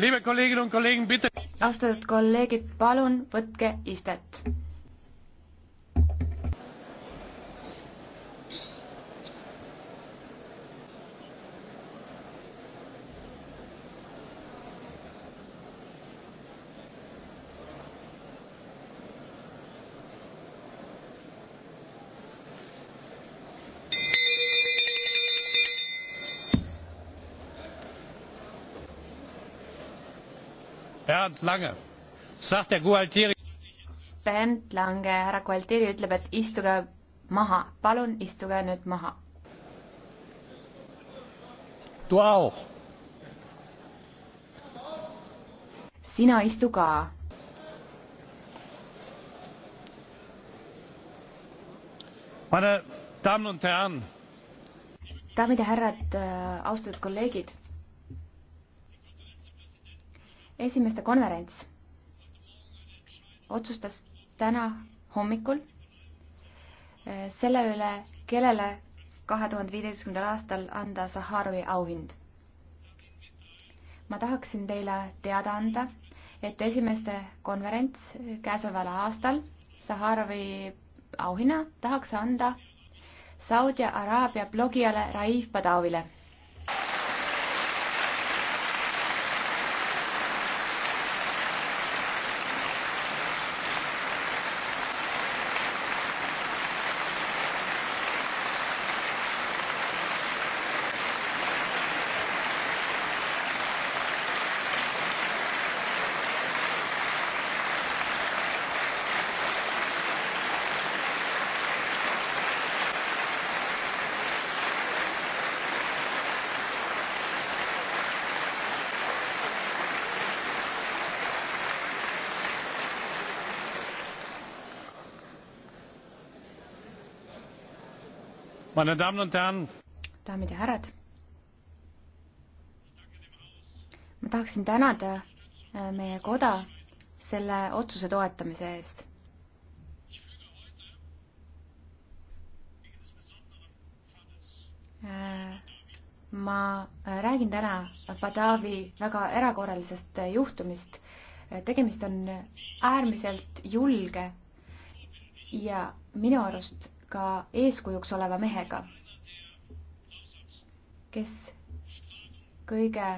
austatud kolleegid, palun võtke istet. Bernd Lange sagt der Gualtieri. Bernd Lange, härra Gualtieri ütleb, et istuge maha, palun istuge nüüd maha. Du auch. sina istu ka. Meine Damen und Herren. daamid ja härrad, äh, austatud kolleegid esimeste konverents otsustas täna hommikul eh, selle üle, kellele kahe tuhande viieteistkümnendal aastal anda Saharovi auhind. ma tahaksin teile teada anda, et esimeste konverents käesoleval aastal Saharovi auhinna tahaks anda Saudi Araabia blogijale Raif Badavile daamid ja härrad. ma tahaksin tänada äh, meie koda selle otsuse toetamise eest. Äh, ma äh, räägin täna Padavi väga erakorralisest juhtumist. tegemist on äärmiselt julge ja minu arust ka eeskujuks oleva mehega, kes kõige,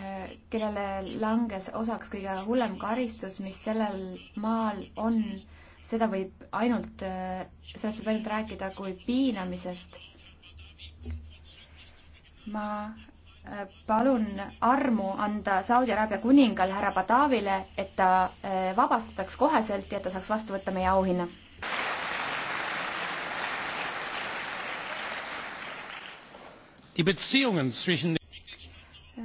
äh, kellele langes osaks kõige hullem karistus, mis sellel maal on, seda võib ainult, äh, sellest võib ainult rääkida kui piinamisest. ma äh, palun armu anda Saudi Araabia kuningal härra Badavile, et ta vabastataks koheselt ja et ta saaks vastu võtta meie auhinna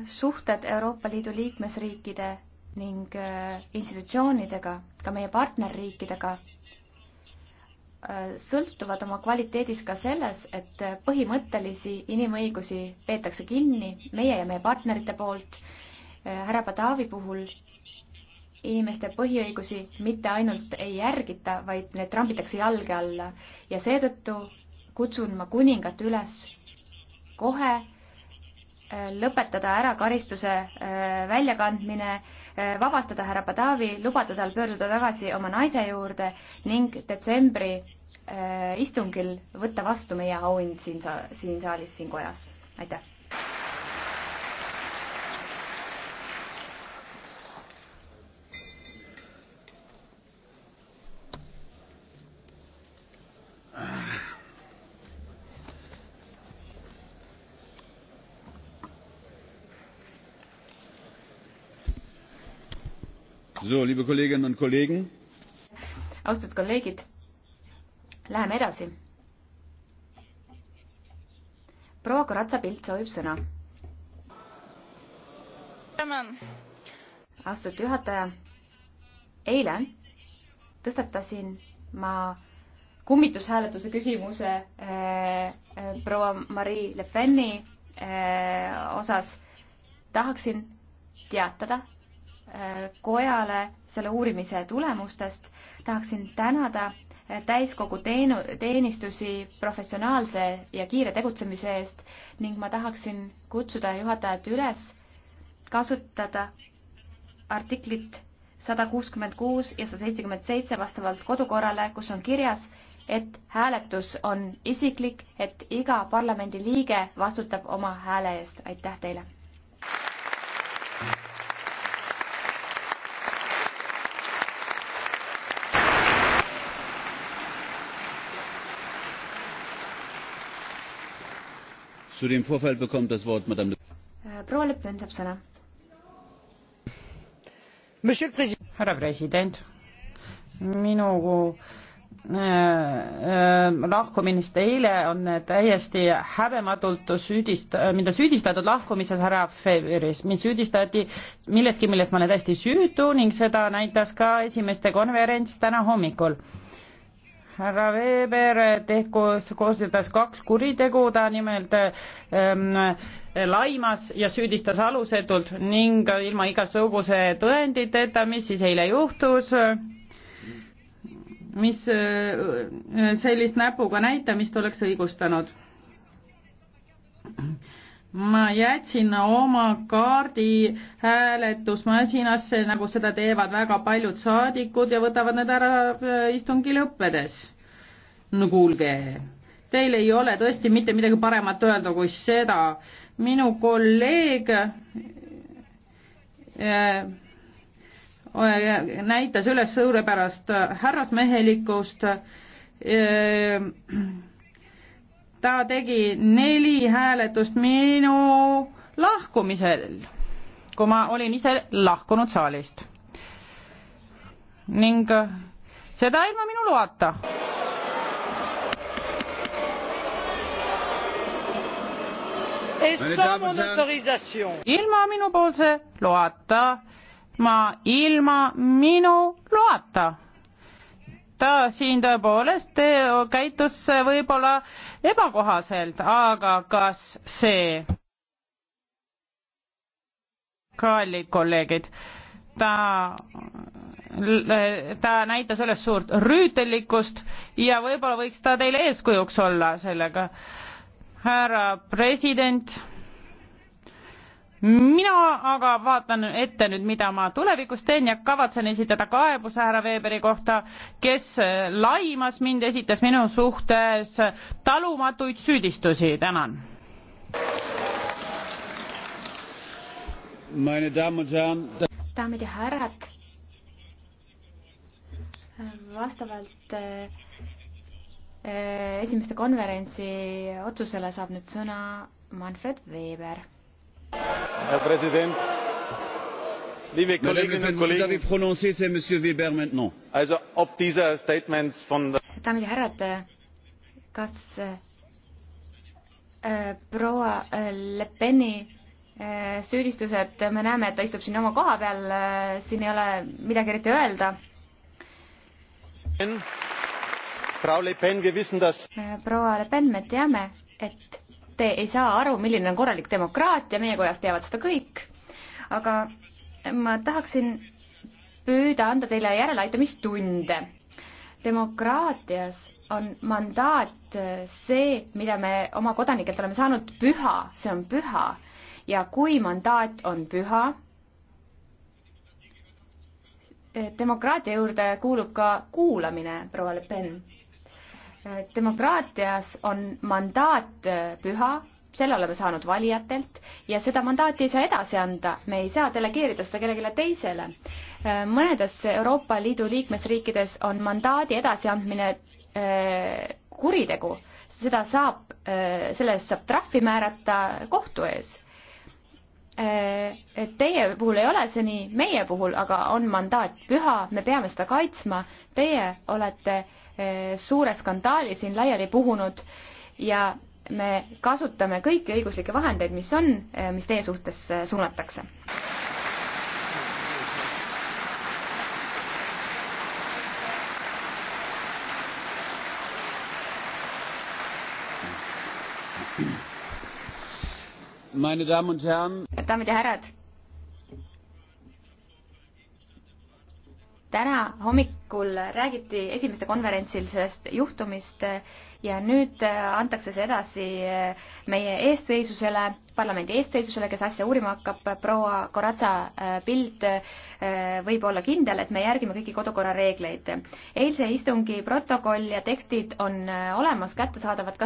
suhted Euroopa Liidu liikmesriikide ning äh, institutsioonidega, ka meie partnerriikidega, äh, sõltuvad oma kvaliteedis ka selles, et äh, põhimõttelisi inimõigusi peetakse kinni meie ja meie partnerite poolt. härra Padavi puhul inimeste põhiõigusi mitte ainult ei järgita, vaid need trambitakse jalge alla ja seetõttu kutsun ma kuningat üles kohe äh, lõpetada ära karistuse äh, väljakandmine, äh, vabastada härra Padavi, lubada tal pöörduda tagasi oma naise juurde ning detsembri istungil võtta vastu meie auhind siin sa-, siin saalis, siin kojas. aitäh! So, liebe Kolleginnen und Kollegen. austatud kolleegid, läheme edasi. proua Koratsa-Pilt soovib sõna. austatud juhataja, eile tõstatasin ma kummitushääletuse küsimuse äh, äh, proua Marie Le Peni äh, osas tahaksin teatada, kojale selle uurimise tulemustest. tahaksin tänada täiskogu teenu, teenistusi professionaalse ja kiire tegutsemise eest ning ma tahaksin kutsuda juhatajat üles kasutada artiklit sada kuuskümmend kuus ja sada seitsekümmend seitse vastavalt kodukorrale, kus on kirjas, et hääletus on isiklik, et iga parlamendiliige vastutab oma hääle eest. aitäh teile! Zu dem Vorfall bekommt das Wort Madame Le äh, proua Le Pen saab sõna. härra president, minu äh, äh, lahkuminist eile on täiesti häbematult süüdist-, mind on süüdistatud lahkumises härra Feveris, mind süüdistati milleski, milles ma olen täiesti süütu ning seda näitas ka esimeste konverents täna hommikul härra Weber tehkos, koosnedes kaks kuritegu, ta nimelt ähm, laimas ja süüdistas alusetult ning ilma igasuguse tõenditeta, mis siis eile juhtus, mis äh, sellist näpuga näitamist oleks õigustanud ma jätsin oma kaardi hääletusmasinasse, nagu seda teevad väga paljud saadikud ja võtavad need ära äh, istungi lõppedes. no kuulge, teil ei ole tõesti mitte midagi paremat öelda kui seda. minu kolleeg äh, äh, näitas üles suurepärast härrasmehelikkust ta tegi neli hääletust minu lahkumisel, kui ma olin ise lahkunud saalist. ning seda ilma minu loata. ilma minupoolse loata, ma ilma minu loata ta siin tõepoolest eh, käitus võib-olla ebakohaselt, aga kas see, kallid kolleegid, ta ta näitas üles suurt rüütellikkust ja võib-olla võiks ta teile eeskujuks olla sellega. härra president mina aga vaatan ette nüüd, mida ma tulevikus teen ja kavatsen esitada kaebuse härra Weberi kohta, kes äh, laimas mind, esitas minu suhtes talumatuid süüdistusi, tänan. daamid ja härrad, vastavalt äh, äh, esimeste konverentsi otsusele saab nüüd sõna Manfred Weber herr präsident liebe kolleginnen und kollegen! also ob dieser statements von. daamid ja härrad kas äh, proua äh, Le Peni äh, süüdistused me näeme et ta istub siin oma koha peal äh, siin ei ole midagi eriti öelda. Äh, proua Le Pen me teame et te ei saa aru, milline on korralik demokraatia, meie kojas teavad seda kõik, aga ma tahaksin püüda anda teile järeleaitamistunde. demokraatias on mandaat see, mida me oma kodanikelt oleme saanud, püha, see on püha ja kui mandaat on püha, demokraatia juurde kuulub ka kuulamine, proua Le Pen demokraatias on mandaat äh, püha, selle oleme saanud valijatelt ja seda mandaati ei saa edasi anda, me ei saa delegeerida seda kellelegi teisele. Äh, mõnedes Euroopa Liidu liikmesriikides on mandaadi edasiandmine äh, kuritegu, seda saab, selle eest saab trahvi määrata kohtu ees. Et teie puhul ei ole see nii, meie puhul aga on mandaat püha, me peame seda kaitsma, teie olete äh, Eh, suure skandaali siin laiali puhunud ja me kasutame kõiki õiguslikke vahendeid, mis on, eh, mis teie suhtes eh, suunatakse. daamid ja härrad täna hommikul räägiti esimeste konverentsil sellest juhtumist ja nüüd antakse see edasi meie eestseisusele, parlamendi eestseisusele, kes asja uurima hakkab, proua Koratsa äh, pild äh, võib olla kindel, et me järgime kõiki kodukorra reegleid. eilse istungi protokoll ja tekstid on äh, olemas, kättesaadavad ka